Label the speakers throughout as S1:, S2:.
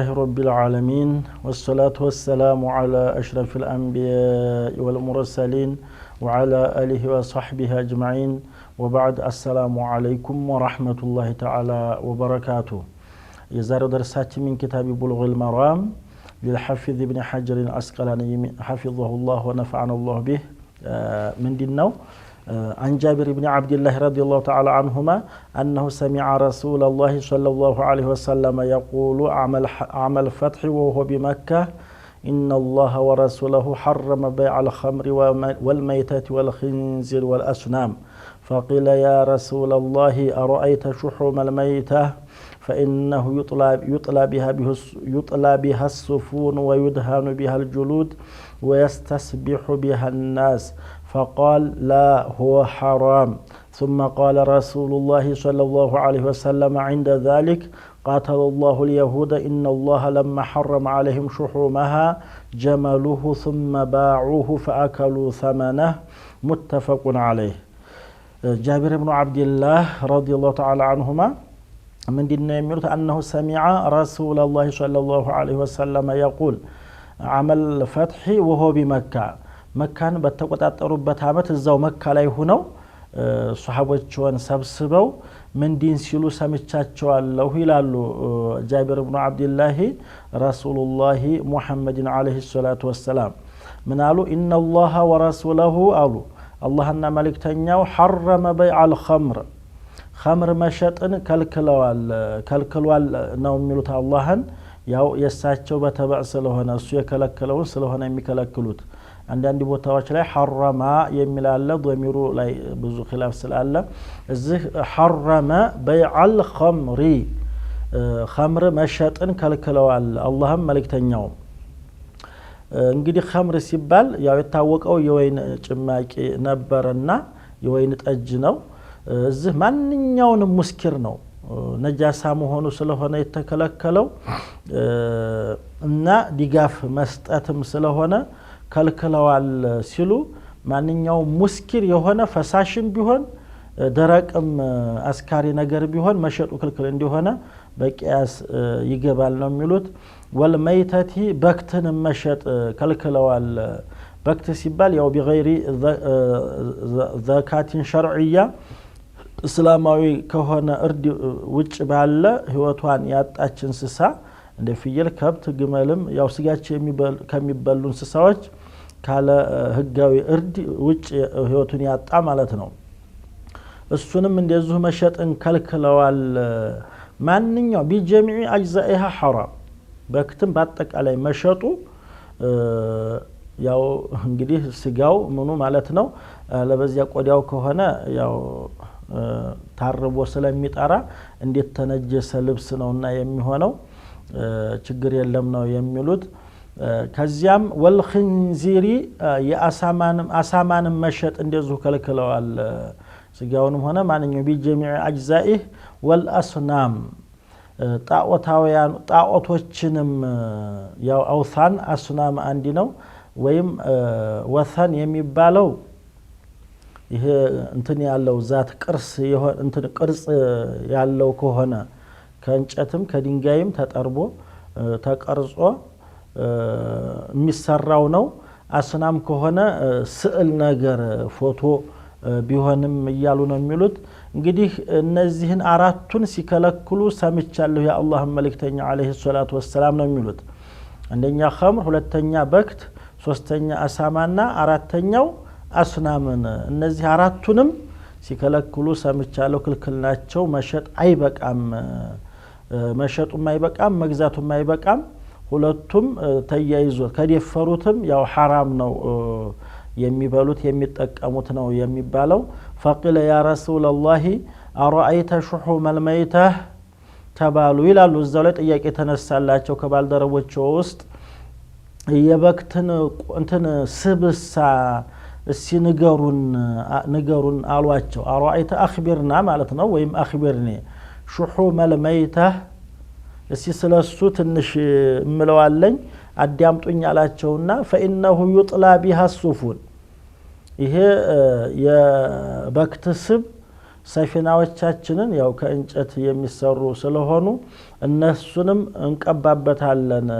S1: لله رب العالمين والصلاة والسلام على أشرف الأنبياء والمرسلين وعلى آله وصحبه أجمعين وبعد السلام عليكم ورحمة الله تعالى وبركاته يزار درسات من كتاب بلغ المرام للحفظ ابن حجر العسقلاني حفظه الله ونفعنا الله به آه، من دينه آه، عن جابر بن عبد الله رضي الله تعالى عنهما أنه سمع رسول الله صلى الله عليه وسلم يقول عمل الفتح وهو بمكة إن الله ورسوله حرم بيع الخمر والميتة والخنزير والأصنام فقيل يا رسول الله أرأيت شحوم الميتة فإنه يطلى, يطلى, بها, يطلى بها السفون ويدهن بها الجلود ويستسبح بها الناس فقال لا هو حرام ثم قال رسول الله صلى الله عليه وسلم عند ذلك قاتل الله اليهود إن الله لما حرم عليهم شحومها جملوه ثم باعوه فأكلوا ثمنه متفق عليه جابر بن عبد الله رضي الله تعالى عنهما من دين የሚሉት أنه سمع رسول الله صلى الله عليه وسلم يقول عمل ፈትሒ وهو بمكة መካን በተቆጣጠሩበት አመት እዛው መካ ላይ ሁነው ሶሐቦችን ሰብስበው ምንዲን ሲሉ ሰምቻቸዋለሁ ይላሉ ጃቢር ብኑ አብድላሂ ረሱሉላሂ ሙሐመድን ዓለይሂ ሰላቱ ወሰላም ምን ኢነላሃ ወረሱለሁ አሉ አላህና መልእክተኛው ሐረመ በይዕ አልኸምር ከምር መሸጥን ከልክለዋል ከልክሏል ነው የሚሉት አላህን ያው የእሳቸው በተበዕ ስለሆነ እሱ የከለከለውን ስለሆነ የሚከለክሉት አንዳንድ ቦታዎች ላይ ሐረማ የሚል አለ። ዶሚሩ ላይ ብዙ ኪላፍ ስላለ እዚህ ሐረመ በይዓል ኸምሪ ኸምር መሸጥን ከልክለዋል አላህም መልእክተኛው እንግዲህ ኸምር ሲባል ያው የታወቀው የወይን ጭማቂ ነበረና የወይን ጠጅ ነው። እዚህ ማንኛውንም ሙስኪር ነው ነጃሳ መሆኑ ስለሆነ የተከለከለው እና ድጋፍ መስጠትም ስለሆነ ከልክለዋል ሲሉ ማንኛውም ሙስኪር የሆነ ፈሳሽም ቢሆን ደረቅም አስካሪ ነገር ቢሆን መሸጡ ክልክል እንዲሆነ በቅያስ ይገባል ነው የሚሉት። ወልመይተቲ በክትን መሸጥ ከልክለዋል። በክት ሲባል ያው ቢገይሪ ዘካቲን ሸርዕያ እስላማዊ ከሆነ እርድ ውጭ ባለ ህይወቷን ያጣች እንስሳ እንደ ፍየል፣ ከብት፣ ግመልም ያው ስጋቸው ከሚበሉ እንስሳዎች ካለ ህጋዊ እርድ ውጭ ህይወቱን ያጣ ማለት ነው። እሱንም እንደዚሁ መሸጥን ከልክለዋል። ማንኛው ቢጀሚዕ አጅዛኢሃ ሐራም በክትም በአጠቃላይ መሸጡ ያው እንግዲህ ስጋው ምኑ ማለት ነው። ለበዚያ ቆዳው ከሆነ ያው ታርቦ ስለሚጠራ እንዴት ተነጀሰ ልብስ ነውና የሚሆነው ችግር የለም ነው የሚሉት። ከዚያም ወልክንዚሪ የአሳማንም መሸጥ እንደዚሁ ከልክለዋል። ስጋውንም ሆነ ማንኛው ቢጀሚ አጅዛኢህ ወልአስናም ጣዖታውያን ጣዖቶችንም ያው አውሳን አስናም አንዲ ነው። ወይም ወሰን የሚባለው ይሄ እንትን ያለው ዛት ቅርስ እንትን ቅርጽ ያለው ከሆነ ከእንጨትም ከድንጋይም ተጠርቦ ተቀርጾ የሚሰራው ነው። አስናም ከሆነ ስዕል ነገር ፎቶ ቢሆንም እያሉ ነው የሚሉት። እንግዲህ እነዚህን አራቱን ሲከለክሉ ሰምቻለሁ የአላህ መልእክተኛ ዓለይሂ ሰላቱ ወሰላም ነው የሚሉት። አንደኛ ኸምር፣ ሁለተኛ በክት፣ ሶስተኛ አሳማና አራተኛው አስናምን። እነዚህ አራቱንም ሲከለክሉ ሰምቻለሁ። ክልክል ናቸው። መሸጥ አይበቃም፣ መሸጡም አይበቃም፣ መግዛቱም አይበቃም። ሁለቱም ተያይዞ ከደፈሩትም ያው ሐራም ነው የሚበሉት የሚጠቀሙት ነው የሚባለው። ፈቂለ ያ ረሱለላሂ አረአይተ ሹሑመ ልመይተህ ተባሉ ይላሉ። እዛው ላይ ጥያቄ ተነሳላቸው ከባልደረቦች ውስጥ የበክትን እንትን ስብሳ እስቲ ንገሩን ንገሩን አሏቸው። አረአይተ አክቢርና ማለት ነው ወይም አክቢርኒ ሹሑመ ልመይተህ እስቲ ስለ እሱ ትንሽ እምለዋለኝ አዳምጡኝ አላቸውና ፈኢነሁ ዩጥላ ቢሃ ሱፉን ይሄ የበክት ስብ ሰፊናዎቻችንን ያው ከእንጨት የሚሰሩ ስለሆኑ እነሱንም እንቀባበታለን።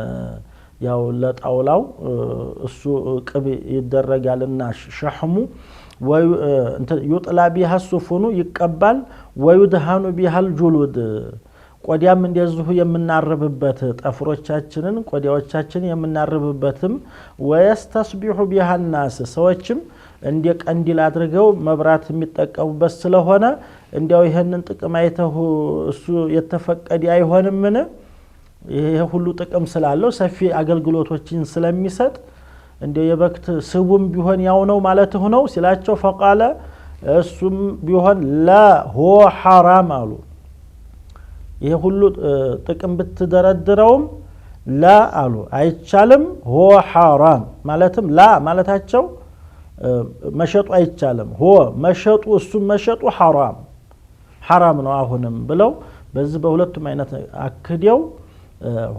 S1: ያው ለጣውላው እሱ ቅብ ይደረጋልና ሸሕሙ ዩጥላ ቢሃ ሱፉኑ ይቀባል። ወዩድሃኑ ቢሃል ጁሉድ ቆዲያም እንደዚሁ የምናርብበት ጠፍሮቻችንን ቆዲያዎቻችን የምናርብበትም ወየስተስቢሑ ቢሃናስ ሰዎችም እንደ ቀንዲል አድርገው መብራት የሚጠቀሙበት ስለሆነ እንዲያው ይህንን ጥቅም አይተው እሱ የተፈቀደ አይሆንምን? ይህ ሁሉ ጥቅም ስላለው ሰፊ አገልግሎቶችን ስለሚሰጥ እንዲያው የበክት ስቡም ቢሆን ያው ነው ማለትህ ነው ሲላቸው፣ ፈቃለ እሱም ቢሆን ላ ሆ ሐራም አሉ። ይሄ ሁሉ ጥቅም ብትደረድረውም ላ አሉ አይቻልም። ሆ ሐራም ማለትም ላ ማለታቸው መሸጡ አይቻልም። ሆ መሸጡ እሱም መሸጡ ሐራም ሐራም ነው አሁንም ብለው በዚህ በሁለቱም አይነት አክደው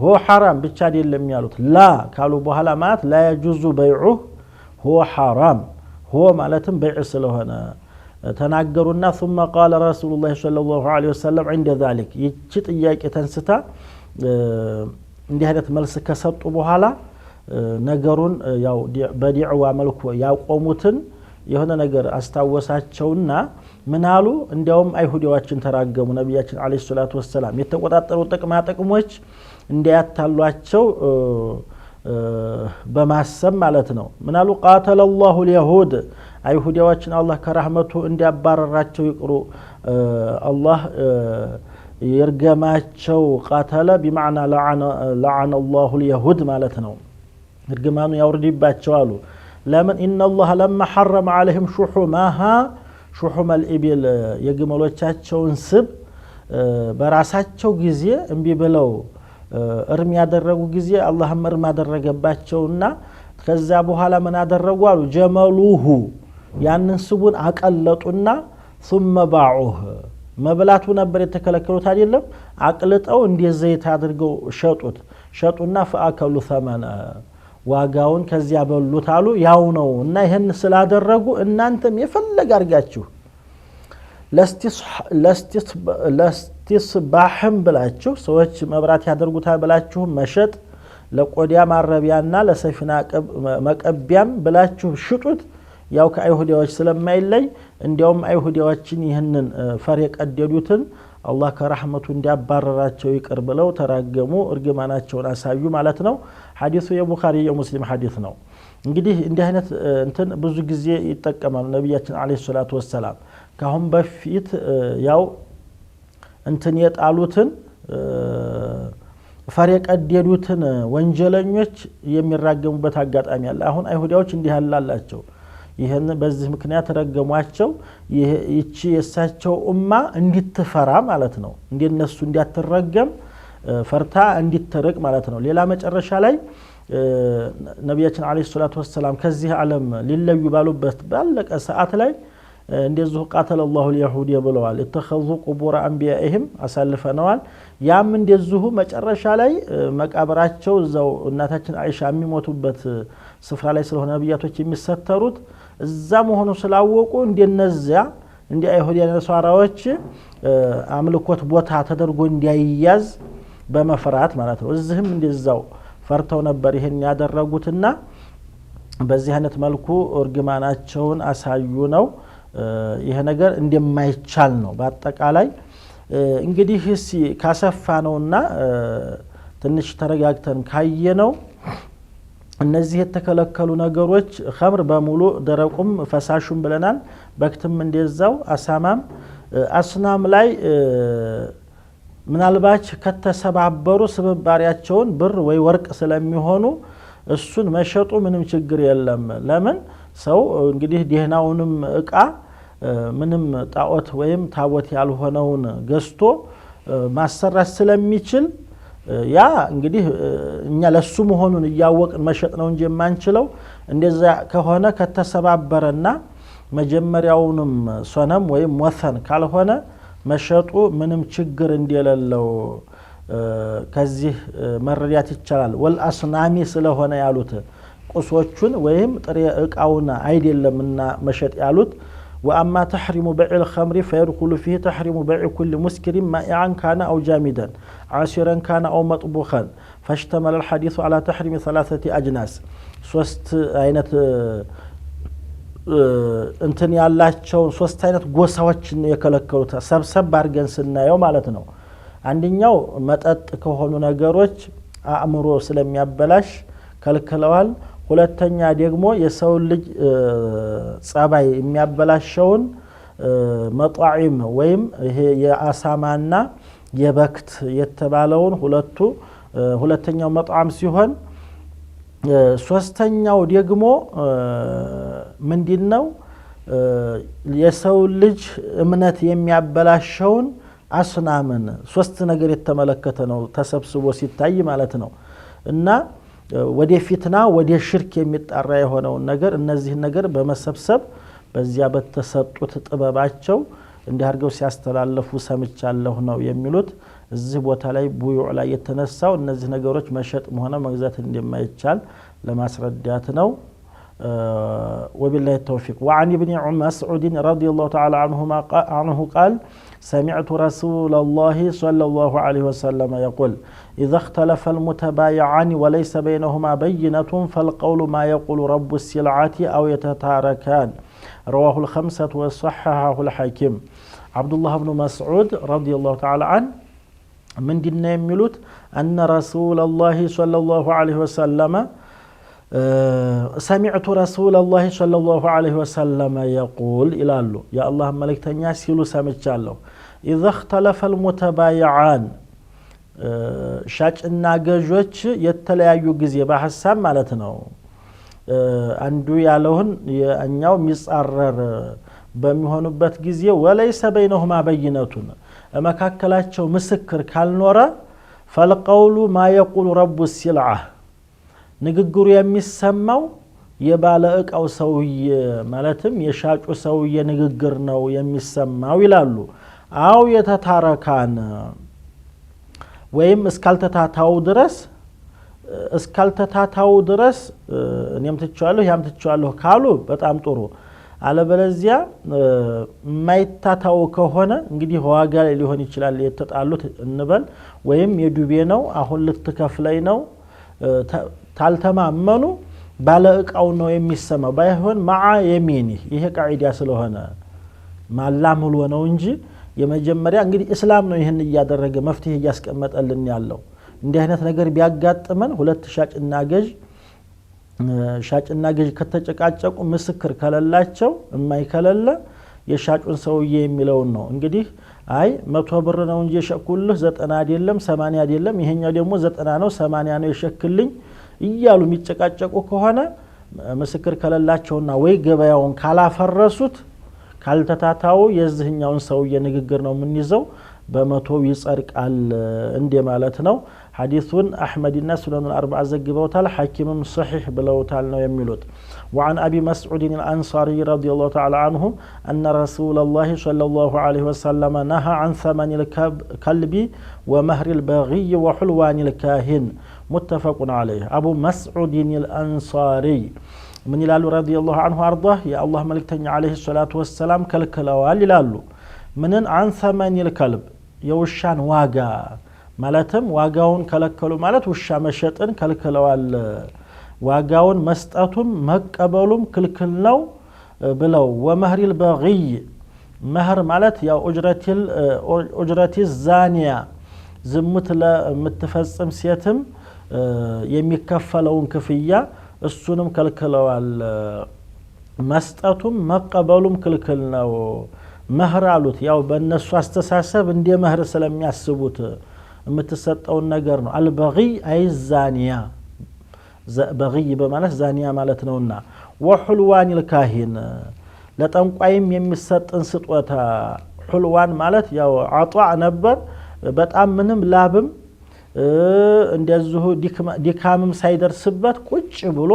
S1: ሆ ሐራም ብቻ አይደለም ያሉት ላ ካሉ በኋላ ማለት ላ የጁዙ በይዑህ ሆ ሐራም ሆ ማለትም በይዕ ስለሆነ ተናገሩና ሱመ ቃለ رسول الله صلى الله عليه وسلم عند ذلك ይቺ ጥያቄ ተንስታ እንዲህ አይነት መልስ ከሰጡ በኋላ ነገሩን ያው በዲዕዋ መልኩ ያቆሙትን የሆነ ነገር አስታወሳቸውና ምናሉ እንዲያውም አይሁዲዎችን ተራገሙ ነቢያችን አለ ሰላቱ ወሰላም የተቆጣጠሩ ጥቅማ ጥቅሞች እንዲያታሏቸው በማሰብ ማለት ነው ምናሉ ቃተለ ላሁ ልየሁድ አይሁዲያዎችን አላህ ከራህመቱ እንዲያባረራቸው ይቅሩ አላህ የርገማቸው ቃተለ ቢማዕና ለዓነ ላሁ ልየሁድ ማለት ነው እርግማኑ ያውርድባቸው አሉ ለምን ኢናላህ ለማ ሐረመ አለህም ሹሑማሃ ሹሑመ ልኢቢል የግመሎቻቸውን ስብ በራሳቸው ጊዜ እምቢ ብለው እርም ያደረጉ ጊዜ አላህም እርም አደረገባቸውና ከዛ በኋላ ምን አደረጉ አሉ ጀመሉሁ ያንን ስቡን አቀለጡና ثመ ባዑህ መብላቱ ነበር የተከለከሉት አይደለም። አቅልጠው እንደ ዘይት አድርገው ሸጡት። ሸጡና ፈአከሉ ተመነ ዋጋውን ከዚያ በሉት አሉ። ያው ነው እና ይህን ስላደረጉ እናንተም የፈለግ አድርጋችሁ ለስቲስባሕም ብላችሁ ሰዎች መብራት ያደርጉታል ብላችሁ መሸጥ፣ ለቆዳ ማረቢያና ለሰፊና መቀቢያም ብላችሁ ሽጡት። ያው ከአይሁዲያዎች ስለማይለይ እንዲያውም አይሁዲያዎችን ይህንን ፈር የቀደዱትን አላህ ከራህመቱ እንዲያባረራቸው ይቅር ብለው ተራገሙ፣ እርግማናቸውን አሳዩ ማለት ነው። ሐዲሱ የቡኻሪ የሙስሊም ሐዲስ ነው። እንግዲህ እንዲህ አይነት እንትን ብዙ ጊዜ ይጠቀማሉ ነቢያችን ዓለይሂ ሰላቱ ወሰላም። ካሁን በፊት ያው እንትን የጣሉትን ፈር የቀደዱትን ወንጀለኞች የሚራገሙበት አጋጣሚ አለ። አሁን አይሁዲያዎች እንዲህ ያላላቸው ይህን በዚህ ምክንያት ረገሟቸው። ይቺ የእሳቸው እማ እንዲትፈራ ማለት ነው፣ እንደነሱ እንዲያትረገም ፈርታ እንዲትርቅ ማለት ነው። ሌላ መጨረሻ ላይ ነቢያችን ዓለይሂ ሰላቱ ወሰላም ከዚህ ዓለም ሊለዩ ባሉበት ባለቀ ሰዓት ላይ እንደዚሁ ቃተለ ላሁ ልያሁድ ብለዋል። የተኸዙ ቁቡር አንቢያኢህም አሳልፈነዋል። ያም እንደዚሁ መጨረሻ ላይ መቃብራቸው እዛው እናታችን አይሻ የሚሞቱበት ስፍራ ላይ ስለሆነ ነቢያቶች የሚሰተሩት እዛ መሆኑ ስላወቁ እንደነዚያ እንደ አይሁድያ ነሷራዎች አምልኮት ቦታ ተደርጎ እንዲያያዝ በመፍራት ማለት ነው። እዚህም እንደዛው ፈርተው ነበር ይህን ያደረጉትና በዚህ አይነት መልኩ እርግማናቸውን አሳዩ ነው። ይሄ ነገር እንደማይቻል ነው። በአጠቃላይ እንግዲህ ካሰፋ ነውና ትንሽ ተረጋግተን ካየ ነው እነዚህ የተከለከሉ ነገሮች ከምር በሙሉ ደረቁም ፈሳሹም ብለናል። በክትም እንደዛው አሳማም አስናም ላይ ምናልባች ከተሰባበሩ ስብባሪያቸውን ብር ወይ ወርቅ ስለሚሆኑ እሱን መሸጡ ምንም ችግር የለም። ለምን ሰው እንግዲህ ዲህናውንም እቃ ምንም ጣዖት ወይም ታቦት ያልሆነውን ገዝቶ ማሰራት ስለሚችል ያ እንግዲህ እኛ ለሱ መሆኑን እያወቅን መሸጥ ነው እንጂ የማንችለው። እንደዛ ከሆነ ከተሰባበረና መጀመሪያውንም ሶነም ወይም ወሰን ካልሆነ መሸጡ ምንም ችግር እንደሌለው ከዚህ መረዳት ይቻላል። ወልአስናሚ ስለሆነ ያሉት ቁሶቹን ወይም ጥሬ እቃውን አይደለምና መሸጥ ያሉት وأما تحرم بيع الخمر فيدخل فيه تحرم بيع كل مسكر مائعا كان أو جامدا عاشرا كان أو مطبوخا فاشتمل الحديث على تحرم ثلاثة أجناس ሶስት አይነት እንትን ያላቸውን ሶስት አይነት ጎሳዎችን የከለከሉት ሰብሰብ አድርገን ስናየው ማለት ነው። አንደኛው መጠጥ ከሆኑ ነገሮች አእምሮ ስለሚያበላሽ ከልክለዋል። ሁለተኛ ደግሞ የሰውን ልጅ ጸባይ የሚያበላሸውን መጣዒም ወይም ይሄ የአሳማና የበክት የተባለውን ሁለቱ ሁለተኛው መጣዕም ሲሆን ሶስተኛው ደግሞ ምንድን ነው? የሰው ልጅ እምነት የሚያበላሸውን አስናምን ሶስት ነገር የተመለከተ ነው ተሰብስቦ ሲታይ ማለት ነው እና ወደ ፊትና ወደ ሽርክ የሚጣራ የሆነውን ነገር እነዚህን ነገር በመሰብሰብ በዚያ በተሰጡት ጥበባቸው እንዲህ አድርገው ሲያስተላለፉ ሰምቻለሁ ነው የሚሉት። እዚህ ቦታ ላይ ቡዩዕ ላይ የተነሳው እነዚህ ነገሮች መሸጥ ሆነ መግዛት እንደማይቻል ለማስረዳት ነው። وبالله التوفيق وعن ابن مسعود رضي الله تعالى عنهما عنه قال سمعت رسول الله صلى الله عليه وسلم يقول إذا اختلف المتبايعان وليس بينهما بينة فالقول ما يقول رب السلعة أو يتتاركان رواه الخمسة وصححه الحاكم عبد الله بن مسعود رضي الله تعالى عنه من دينا يميلوت أن رسول الله صلى الله عليه وسلم ሰሚዕቱ ረሱለላሂ ሰለላሁ ዐለይሂ ወሰለመ የቁል ይላሉ። የአላህ መልእክተኛ ሲሉ ሰምቻለሁ። ኢዛ እኽተለፈል ሙተባይዓን ሻጭና ገዦች የተለያዩ ጊዜ በሀሳብ ማለት ነው። አንዱ ያለውን የእኛው የሚጻረር በሚሆኑበት ጊዜ ወለይሰ በይነሁማ በይነቱን መካከላቸው ምስክር ካልኖረ ፈልቀውሉ ማ የቁሉ ረቡ ሲልዓ ንግግሩ የሚሰማው የባለ ዕቃው ሰውዬ ማለትም የሻጩ ሰውዬ ንግግር ነው የሚሰማው ይላሉ። አው የተታረካን ወይም እስካልተታታው ድረስ እስካልተታታው ድረስ እኔም ትቸዋለሁ ያም ትቸዋለሁ ካሉ በጣም ጥሩ። አለበለዚያ የማይታታው ከሆነ እንግዲህ ዋጋ ላይ ሊሆን ይችላል የተጣሉት እንበል፣ ወይም የዱቤ ነው አሁን ልትከፍለኝ ነው ታልተማመኑ ባለ እቃው ነው የሚሰማው። ባይሆን መዓ የሚኒህ ይሄ ቃዒዳ ስለሆነ ማላምሎ ነው እንጂ የመጀመሪያ እንግዲህ እስላም ነው ይህን እያደረገ መፍትሄ እያስቀመጠልን ያለው። እንዲህ አይነት ነገር ቢያጋጥመን ሁለት ሻጭና ገዥ ሻጭና ገዥ ከተጨቃጨቁ ምስክር ከለላቸው የማይከለለ የሻጩን ሰውዬ የሚለውን ነው እንግዲህ አይ መቶ ብር ነው እንጂ የሸኩልህ ዘጠና አይደለም ሰማንያ አይደለም፣ ይሄኛው ደግሞ ዘጠና ነው ሰማንያ ነው የሸክልኝ እያሉ የሚጨቃጨቁ ከሆነ ምስክር ከለላቸውና ወይ ገበያውን ካላፈረሱት ካልተታታው የዝህኛውን ሰውዬ ንግግር ነው የምንይዘው በመቶ ይጸርቃል እንዴ ማለት ነው حديثون أحمد الناس لأن الأربعة زجبوا تال حكيم صحيح بلو تال يميلوت وعن أبي مسعود الأنصاري رضي الله تعالى عنه أن رسول الله صلى الله عليه وسلم نهى عن ثمن الكلب ومهر البغي وحلوان الكاهن ሙተፈቁን አለይህ አቡ መስዑድን ልአንሳሪ ምን ይላሉ? ረዲየላሁ አንሁ አርዳህ የአላህ መልክተኛ አለይህ ሰላቱ ወሰላም ከልክለዋል ይላሉ። ምንን አንሰመኒል ከልብ የውሻን ዋጋ ማለትም ዋጋውን ከለከሉ ማለት ውሻ መሸጥን ከልክለዋል። ዋጋውን መስጠቱም መቀበሉም ክልክል ነው ብለው ወመህሪል በይ መህር ማለት ያው ኡጅረቲ ዛኒያ ዝሙት ለምትፈጽም ሴትም የሚከፈለውን ክፍያ እሱንም ከልክለዋል። መስጠቱም መቀበሉም ክልክል ነው። መህር አሉት። ያው በእነሱ አስተሳሰብ እንደ መህር ስለሚያስቡት የምትሰጠውን ነገር ነው። አልበጊይ አይ ዛኒያ በጊይ በማለት ዛኒያ ማለት ነውና፣ ወሑልዋን ልካሂን ለጠንቋይም የሚሰጥን ስጦታ ሑልዋን ማለት ያው አጧዕ ነበር። በጣም ምንም ላብም እንደዚሁ ዲካምም ሳይደርስበት ቁጭ ብሎ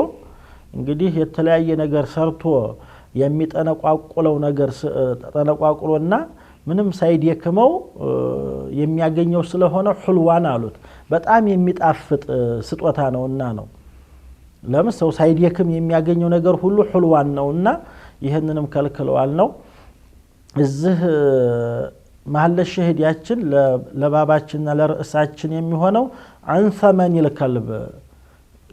S1: እንግዲህ የተለያየ ነገር ሰርቶ የሚጠነቋቁለው ነገር ተጠነቋቁሎና ምንም ሳይደክመው የሚያገኘው ስለሆነ ሑልዋን አሉት። በጣም የሚጣፍጥ ስጦታ ነውና ነው። ለምን ሰው ሳይደክም የሚያገኘው ነገር ሁሉ ሑልዋን ነውና ይህንንም ከልክለዋል ነው እዚህ ማህለ ሸሂድያችን ለባባችንና ለርዕሳችን የሚሆነው አንሰመኒል ከልብ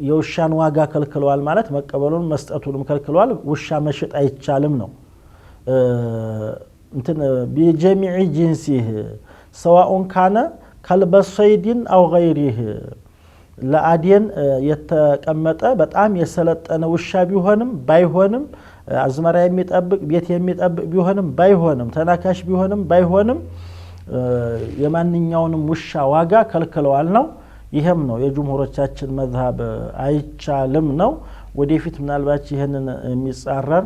S1: የውሻን ዋጋ ከልክለዋል ማለት መቀበሉን መስጠቱንም ከልክለዋል። ውሻ መሸጥ አይቻልም ነው። እንትን ቢጀሚዕ ጂንሲህ ሰዋኡን ካነ ከልበ አው ገይሪህ ለአዴን የተቀመጠ በጣም የሰለጠነ ውሻ ቢሆንም ባይሆንም አዝመራ የሚጠብቅ ቤት የሚጠብቅ ቢሆንም ባይሆንም ተናካሽ ቢሆንም ባይሆንም የማንኛውንም ውሻ ዋጋ ከልክለዋል ነው። ይህም ነው የጅምሁሮቻችን መዝሀብ አይቻልም ነው። ወደፊት ምናልባት ይህንን የሚጻረር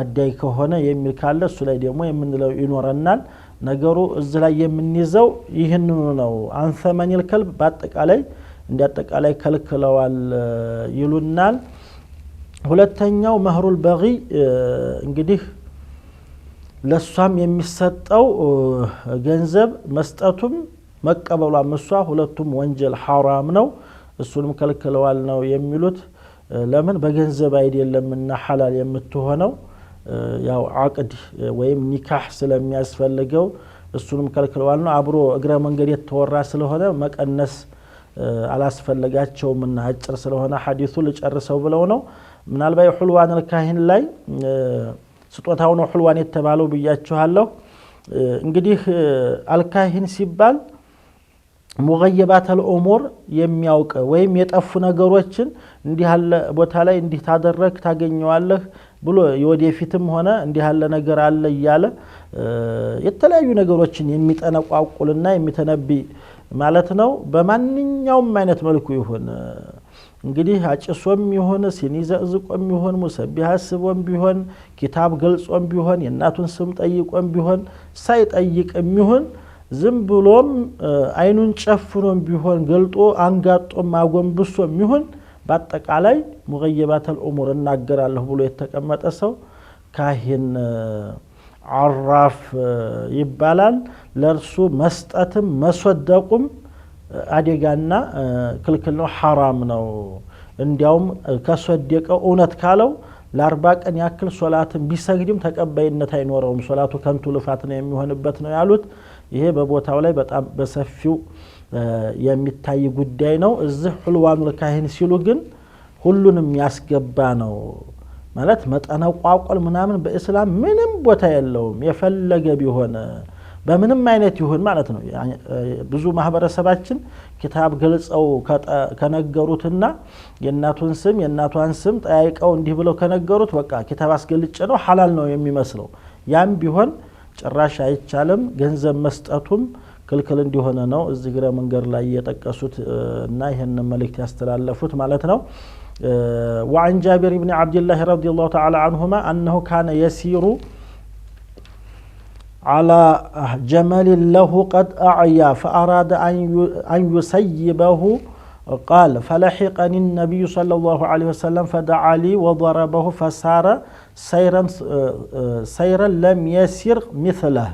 S1: አዳይ ከሆነ የሚል ካለ እሱ ላይ ደግሞ የምንለው ይኖረናል። ነገሩ እዚህ ላይ የምንይዘው ይህንኑ ነው። አንሰመኒል ከልብ በአጠቃላይ እንደ አጠቃላይ ከልክለዋል ይሉናል። ሁለተኛው መህሩል በቂ እንግዲህ ለእሷም የሚሰጠው ገንዘብ መስጠቱም መቀበሏም እሷ ሁለቱም ወንጀል ሐራም ነው፣ እሱንም ከልክለዋል ነው የሚሉት። ለምን በገንዘብ አይደለምና ሐላል የምትሆነው ያው አቅድ ወይም ኒካህ ስለሚያስፈልገው እሱንም ከልክለዋል ነው። አብሮ እግረ መንገድ የተወራ ስለሆነ መቀነስ አላስፈለጋቸውምና አጭር ስለሆነ ሐዲሱ ልጨርሰው ብለው ነው። ምናልባት ሑልዋን ልካሂን ላይ ስጦታው ነው ሑልዋን የተባለው ብያችኋለሁ። እንግዲህ አልካሂን ሲባል ሙገየባተል አልኦሞር የሚያውቅ ወይም የጠፉ ነገሮችን እንዲህ ያለ ቦታ ላይ እንዲህ ታደረግ ታገኘዋለህ ብሎ የወደፊትም ሆነ እንዲህ ያለ ነገር አለ እያለ የተለያዩ ነገሮችን የሚጠነቋቁልና የሚተነብይ ማለት ነው። በማንኛውም አይነት መልኩ ይሁን እንግዲህ አጭሶም ይሆን ሲኒ ዘቅዝቆም ይሁን ሙሰቢህ አስቦም ቢሆን ኪታብ ገልጾም ቢሆን የእናቱን ስም ጠይቆም ቢሆን ሳይጠይቅም ይሁን ዝም ብሎም አይኑን ጨፍኖም ቢሆን ገልጦ አንጋጦም አጎንብሶም ይሁን በአጠቃላይ ሙገየባተል ኡሙር እናገራለሁ ብሎ የተቀመጠ ሰው ካሂን አራፍ ይባላል። ለእርሱ መስጠትም መስወደቁም አደጋና ክልክል ነው፣ ሐራም ነው። እንዲያውም ከሰደቀው እውነት ካለው ለአርባ ቀን ያክል ሶላትን ቢሰግድም ተቀባይነት አይኖረውም፣ ሶላቱ ከንቱ ልፋት ነው የሚሆንበት ነው ያሉት። ይሄ በቦታው ላይ በጣም በሰፊው የሚታይ ጉዳይ ነው። እዚህ ሑልዋኑል ካሂን ሲሉ ግን ሁሉንም ያስገባ ነው ማለት መጠነቋቆል ምናምን በእስላም ምንም ቦታ የለውም። የፈለገ ቢሆን በምንም አይነት ይሁን ማለት ነው። ብዙ ማህበረሰባችን ኪታብ ገልጸው ከነገሩትና የእናቱን ስም የእናቷን ስም ጠያይቀው እንዲህ ብለው ከነገሩት በቃ ኪታብ አስገልጭ ነው ሀላል ነው የሚመስለው። ያም ቢሆን ጭራሽ አይቻልም። ገንዘብ መስጠቱም ክልክል እንዲሆነ ነው እዚህ ግረ መንገድ ላይ የጠቀሱት እና ይህን መልእክት ያስተላለፉት ማለት ነው። بن ጃቢር الله رضي الله ተዓላ አንሁማ أنه كان يسير على جمل له قد أعيا فأراد أن يسيبه قال فلحقني النبي صلى الله عليه وسلم فدعا لي وضربه فسار سيرا سيرا لم يسر مثله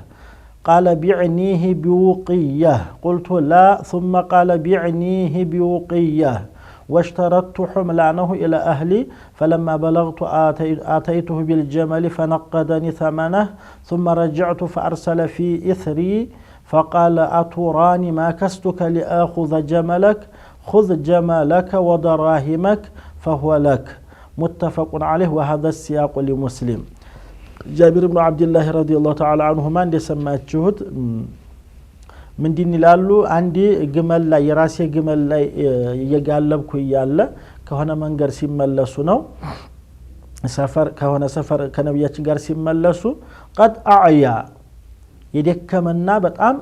S1: قال بعنيه بوقيه قلت لا ثم قال بعنيه بوقيه واشترطت حملانه إلى أهلي فلما بلغت آتيته بالجمل فنقدني ثمنه ثم رجعت فأرسل في إثري فقال أتراني ما كستك لآخذ جملك خذ جمالك ودراهمك فهو لك متفق عليه وهذا السياق لمسلم جابر بن عبد الله رضي الله تعالى عنهما ተዓላ سماه جهد ምንድን ይላሉ? አንድ ግመል ላይ የራሴ ግመል ላይ እየጋለብኩ እያለ ከሆነ መንገድ ሲመለሱ ነው ሰፈር ከሆነ ሰፈር ከነቢያችን ጋር ሲመለሱ ቀድ አዕያ የደከመና በጣም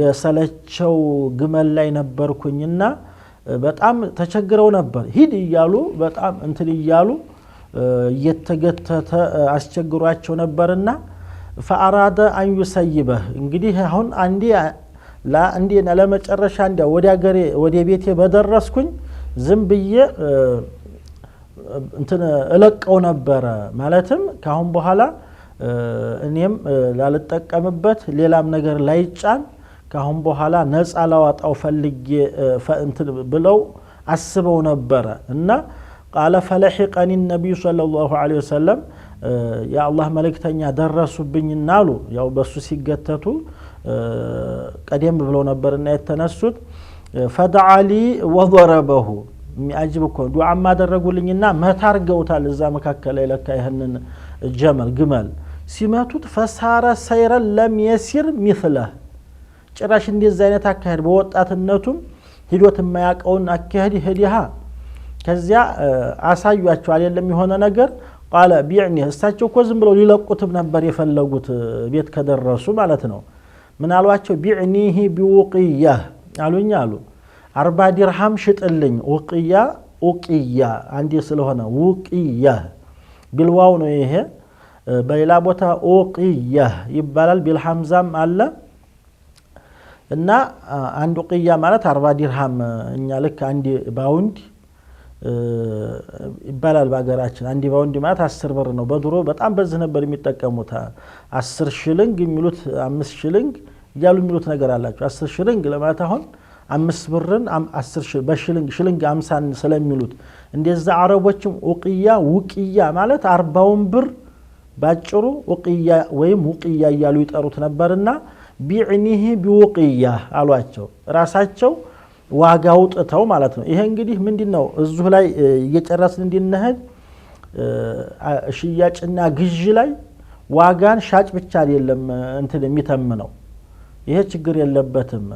S1: የሰለቸው ግመል ላይ ነበርኩኝና በጣም ተቸግረው ነበር። ሂድ እያሉ በጣም እንትን እያሉ እየተገተተ አስቸግሯቸው ነበርና ፈአራደ አንዩሰይበህ እንግዲህ አሁን አንዴ ለአንዴ ለመጨረሻ እንዲያ ወደ አገሬ ወደ ቤቴ በደረስኩኝ ዝም ብዬ እንትን እለቀው ነበረ። ማለትም ከአሁን በኋላ እኔም ላልጠቀምበት ሌላም ነገር ላይጫን ከአሁን በኋላ ነፃ ላዋጣው ፈልጌ ብለው አስበው ነበረ እና ቃለ ፈለሒቀኒ ነቢዩ ሰለላሁ ዐለይሂ ወሰለም የአላህ መልእክተኛ ደረሱብኝና አሉ። ያው በሱ ሲገተቱ ቀደም ብለው ነበርና የተነሱት ፈድዓ ሊ ወበረበሁ የሚያጅብ እኮ ዱዓም አደረጉልኝና መታ አርገውታል። እዛ መካከል ላይ ለካ ይህንን ጀመል ግመል ሲመቱት ፈሳረ ሰይረን ለም የሲር ሚስለህ ጭራሽ እንደዚህ አይነት አካሄድ በወጣትነቱም ሂዶት የማያውቀውን አካሄድ ሂዲሃ ከዚያ አሳዩቸው አይደለም የሆነ ነገር ቃለ ቢዕኒ እሳቸው እኮ ዝም ብለው ሊለቁትም ነበር የፈለጉት ቤት ከደረሱ ማለት ነው። ምን አሏቸው? ቢዕኒህ ቢውቅያ አሉኝ አሉ። አርባ ዲርሃም ሽጥልኝ። ውቅያ ውቅያ አንዴ ስለሆነ ውቅያ ቢልዋው ነው ይሄ። በሌላ ቦታ ውቅያ ይባላል። ቢልሐምዛም አለ እና አንድ ውቅያ ማለት አርባ ዲርሃም እኛ ልክ አንድ ባውንድ ይባላል በሀገራችን። አንዲ ባውንድ ማለት አስር ብር ነው። በድሮ በጣም በዚህ ነበር የሚጠቀሙት። አስር ሽልንግ የሚሉት አምስት ሽልንግ እያሉ የሚሉት ነገር አላቸው። አስር ሽልንግ ለማለት አሁን አምስት ብርን በሽልንግ ሽልንግ አምሳን ስለሚሉት እንደዛ አረቦችም ውቅያ ውቅያ ማለት አርባውን ብር ባጭሩ ውቅያ ወይም ውቅያ እያሉ ይጠሩት ነበርና ቢዕኒህ ቢውቅያ አሏቸው ራሳቸው ዋጋ ውጥተው ማለት ነው። ይሄ እንግዲህ ምንድን ነው እዙ ላይ እየጨረስን እንድንሄድ ሽያጭና ግዥ ላይ ዋጋን ሻጭ ብቻ አይደለም እንትን የሚተምነው ይሄ ችግር የለበትም።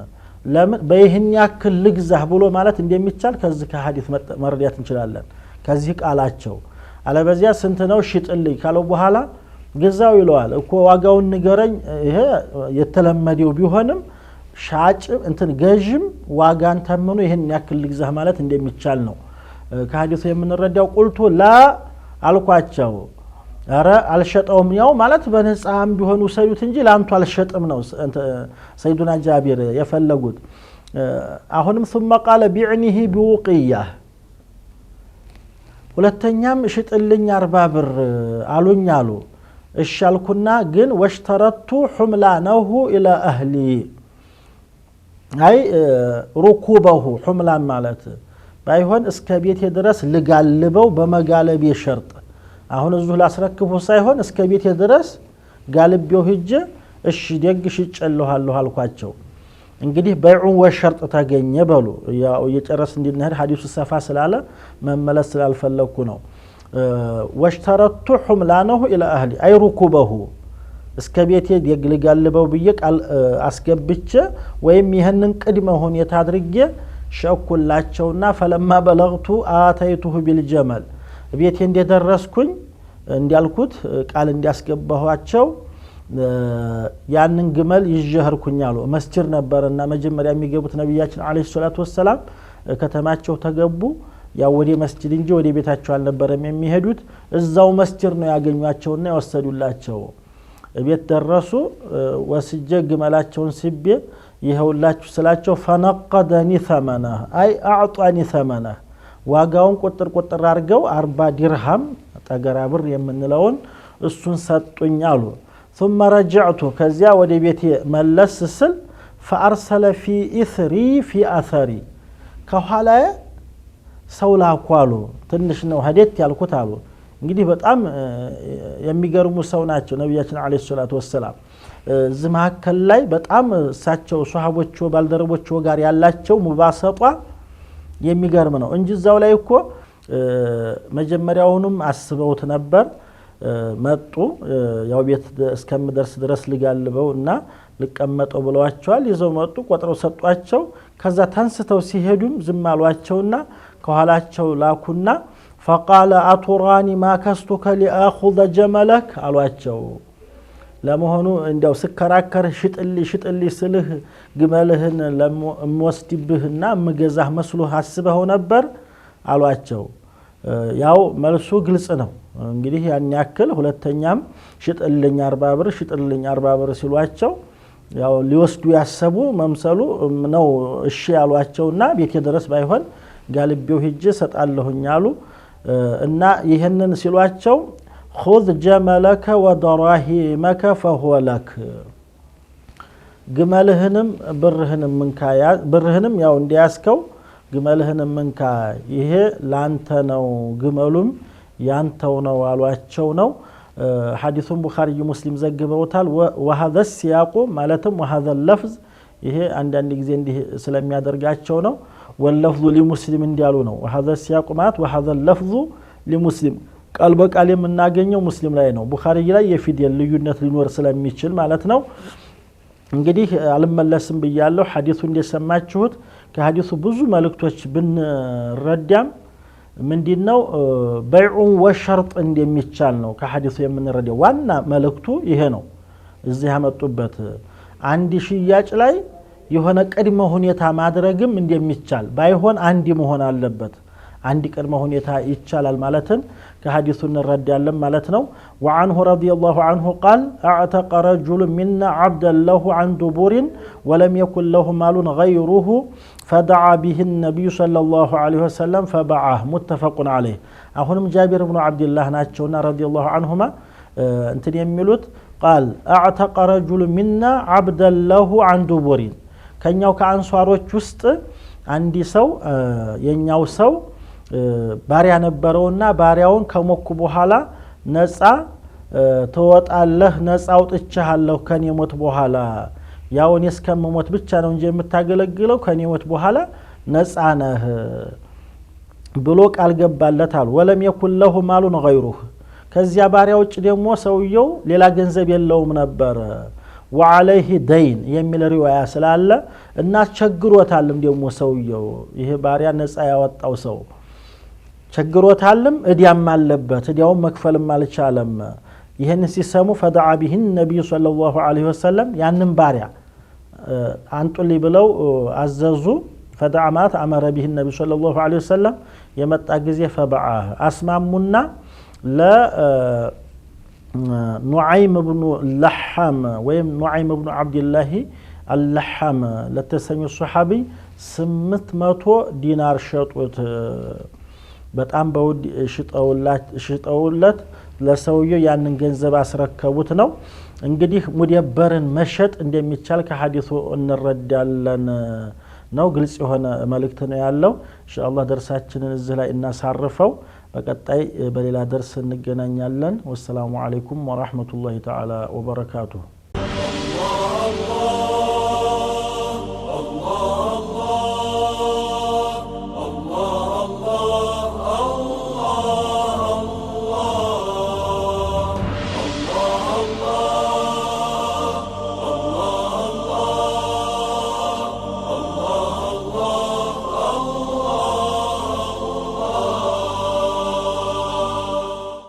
S1: ለምን በይህን ያክል ልግዛህ ብሎ ማለት እንደሚቻል ከዚህ ከሀዲት መረዳት እንችላለን። ከዚህ ቃላቸው አለበዚያ ስንት ነው ሽጥልኝ ካለው በኋላ ግዛው ይለዋል እኮ ዋጋውን ንገረኝ። ይሄ የተለመደው ቢሆንም ሻጭ እንትን ገዥም ዋጋን ተምኖ ይህን ያክል ልግዛህ ማለት እንደሚቻል ነው ከሀዲሱ የምንረዳው። ቁልቱ ላ አልኳቸው፣ ረ አልሸጠውም። ያው ማለት በነጻም ቢሆን ውሰዱት እንጂ ለአንቱ አልሸጥም ነው ሰይዱና ጃቢር የፈለጉት። አሁንም ሱመ ቃለ ቢዕኒሂ ቢውቅያ፣ ሁለተኛም ሽጥልኝ አርባ ብር አሉኝ አሉ። እሻልኩና ግን ወሽተረቱ ሑምላነሁ ኢላ አህሊ አይ ሩኩበሁ ሑምላን ማለት ባይሆን እስከ ቤቴ ድረስ ልጋልበው በመጋለቤ ሸርጥ አሁን እዙ ላስረክቡ ሳይሆን እስከ ቤቴ ድረስ ጋልቤው ሂጄ እሺ ደግ ሽጨለኋለሁ አልኳቸው። እንግዲህ በይዑን ወሸርጥ ተገኘ በሉ እየጨረስ እንዲናሄድ ሀዲሱ ሰፋ ስላለ መመለስ ስላልፈለግኩ ነው። ወሽተረቱ ሑምላነሁ ኢላ አህሊ አይ ሩኩበሁ እስከ ቤቴ ልጋልበው ብዬ ቃል አስገብቼ ወይም ይህንን ቅድመ ሁኔታ አድርጌ ሸኩላቸውና ፈለማ በለቅቱ አተይቱሁ ቢልጀመል ቤቴ እንደደረስኩኝ እንዲያልኩት ቃል እንዲያስገባኋቸው ያንን ግመል ይዥህርኩኝ ሄድኩኝ አሉ። መስጅድ ነበርና መጀመሪያ የሚገቡት ነቢያችን ዓለይሂ ሰላቱ ወሰላም ከተማቸው ተገቡ። ያው ወደ መስጅድ እንጂ ወደ ቤታቸው አልነበረም የሚሄዱት። እዛው መስጅድ ነው ያገኟቸውና የወሰዱላቸው። ቤት ደረሱ ወስጀ ግመላቸውን ስቤ ይኸውላችሁ ስላቸው ፈነቀደኒ ተመነህ አይ አዕጧኒ ተመነህ ዋጋውን ቁጥር ቁጥር አድርገው አርባ ዲርሃም ጠገራ ብር የምንለውን እሱን ሰጡኝ አሉ ثم رجعت ከዚያ ودي بيتي ملس ስል ፈአርሰለ في ኢስሪ في አሰሪ ከኋላየ سولا ላኩ تنشنو هديت ነው ሄዴት እንግዲህ በጣም የሚገርሙ ሰው ናቸው ነቢያችን ዓለይሂ ሰላት ወሰላም። እዚህ መካከል ላይ በጣም እሳቸው ሶሃቦች ባልደረቦች ጋር ያላቸው ሙባሰጧ የሚገርም ነው እንጂ እዛው ላይ እኮ መጀመሪያውንም አስበውት ነበር። መጡ ያው ቤት እስከምደርስ ድረስ ልጋልበው እና ልቀመጠው ብለዋቸዋል። ይዘው መጡ፣ ቆጥረው ሰጧቸው። ከዛ ተንስተው ሲሄዱም ዝም አሏቸውና ከኋላቸው ላኩና ፈቃለ አቱራኒ ማከስቱከ ሊአኹዘ ጀመለክ አሏቸው። ለመሆኑ እንዲያው ስከራከር ሽጥል ሽጥል ስልህ ግመልህን እምወስድብህና እምገዛህ መስሎህ አስበኸው ነበር አሏቸው። ያው መልሱ ግልጽ ነው። እንግዲህ ያን ያክል ሁለተኛም ሽጥልኝ አርባ ብር ሽጥልኝ አርባ ብር ሲሏቸው ያው ሊወስዱ ያሰቡ መምሰሉ ነው እሺ ያሏቸውና ቤቴ ድረስ ባይሆን ጋልቤው ሄጄ ሰጣለሁኝ አሉ። እና ይህንን ሲሏቸው ሁዝ ጀመለከ ወደራሂመከ ፈሁወ ለክ ግመልህንም ብርህንም እንካ ብርህንም ያው እንዲያስከው ግመልህንም እንካ ይሄ ላንተ ነው ግመሉም ያንተው ነው አሏቸው ነው ሐዲሱን ቡኻሪይ ሙስሊም ዘግበውታል ወሀዘ ሲያቁ ማለትም ወሀዘ ለፍዝ ይሄ አንዳንድ ጊዜ እንዲህ ስለሚያደርጋቸው ነው ወለፍዙ ሊሙስሊም እንዲያሉ ነው። ሀዘ ሲያቁማት ማለት ወሀዘ ለፍዙ ሊሙስሊም ቃል በቃል የምናገኘው ሙስሊም ላይ ነው። ቡኻሪ ላይ የፊደል ልዩነት ሊኖር ስለሚችል ማለት ነው። እንግዲህ አልመለስም ብያለሁ። ሀዲሱ እንደሰማችሁት ከሀዲሱ ብዙ መልእክቶች ብንረዳም ምንድን ነው በይዑን ወሸርጥ እንደሚቻል ነው ከሀዲሱ የምንረዳው። ዋና መልእክቱ ይሄ ነው። እዚህ ያመጡበት አንድ ሽያጭ ላይ የሆነ ቅድመ ሁኔታ ማድረግም እንደሚቻል ባይሆን አንድ መሆን አለበት። አንድ ቅድመ ሁኔታ ይቻላል ማለትን ከሀዲሱ እንረዳለን ማለት ነው። ወአንሁ ረዲየላሁ አንሁ ቃል አዕተቀ ረጁሉ ሚና ዓብደን ለሁ አን ዱቡሪን ወለም የኩን ለሁ ማሉን ገይሩሁ ፈደዓ ቢህ ነቢዩ ሰለላሁ ዐለይሂ ወሰለም ፈበዓህ ሙተፈቁን ዐለይህ። አሁንም ጃቢር ብኑ ዓብድላህ ናቸውና ረዲየላሁ አንሁማ እንትን የሚሉት ቃል አዕተቀ ረጁሉ ሚና ዓብደን ለሁ አን ዱቡሪን ከኛው ከአንሷሮች ውስጥ አንዲ ሰው የኛው ሰው ባሪያ ነበረውና ባሪያውን ከሞኩ በኋላ ነፃ ትወጣለህ፣ ነፃ አውጥቻለሁ ከኔ ሞት በኋላ ያው እኔ እስከምሞት ብቻ ነው እንጂ የምታገለግለው ከኔ ሞት በኋላ ነፃ ነህ ብሎ ቃል ገባለት አሉ። ወለም የኩን ለሁ ማሉን ገይሩህ ከዚያ ባሪያ ውጭ ደግሞ ሰውየው ሌላ ገንዘብ የለውም ነበር ወአለይህ ደይን የሚል ሪዋያ ስላለ እናስቸግሮታልም ደግሞ ሰውየው ይህ ባሪያ ነፃ ያወጣው ሰው ቸግሮታልም እዲያም አለበት እዲያውም መክፈልም አልቻለም። ይህን ሲሰሙ ፈደዓ ቢህን ነቢዩ ሰለላሁ ዐለይሂ ወሰለም ያንም ባሪያ አንጡልኝ ብለው አዘዙ። ፈደዓ ማለት አመረ ቢህን ነቢዩ ሰለላሁ ዐለይሂ ወሰለም የመጣ ጊዜ ፈበዓ አስማሙና ኑዓይም ብኑ ለሓም ወይም ኑዓይም ብኑ ዓብድላሂ አለሓም ለተሰኙ ሶሓቢ ስምንት መቶ ዲናር ሸጡት። በጣም በውድ ሽጠውለት ለሰውየው ያንን ገንዘብ አስረከቡት ነው። እንግዲህ ሙደበርን መሸጥ እንደሚቻል ከሀዲሱ እንረዳለን ነው። ግልጽ የሆነ መልእክት ነው ያለው። ኢንሻአላህ ደርሳችንን እዚህ ላይ እናሳርፈው። በቀጣይ በሌላ ደርስ እንገናኛለን። ወሰላሙ አሌይኩም ወራህመቱላሂ ተዓላ ወበረካቱሁ።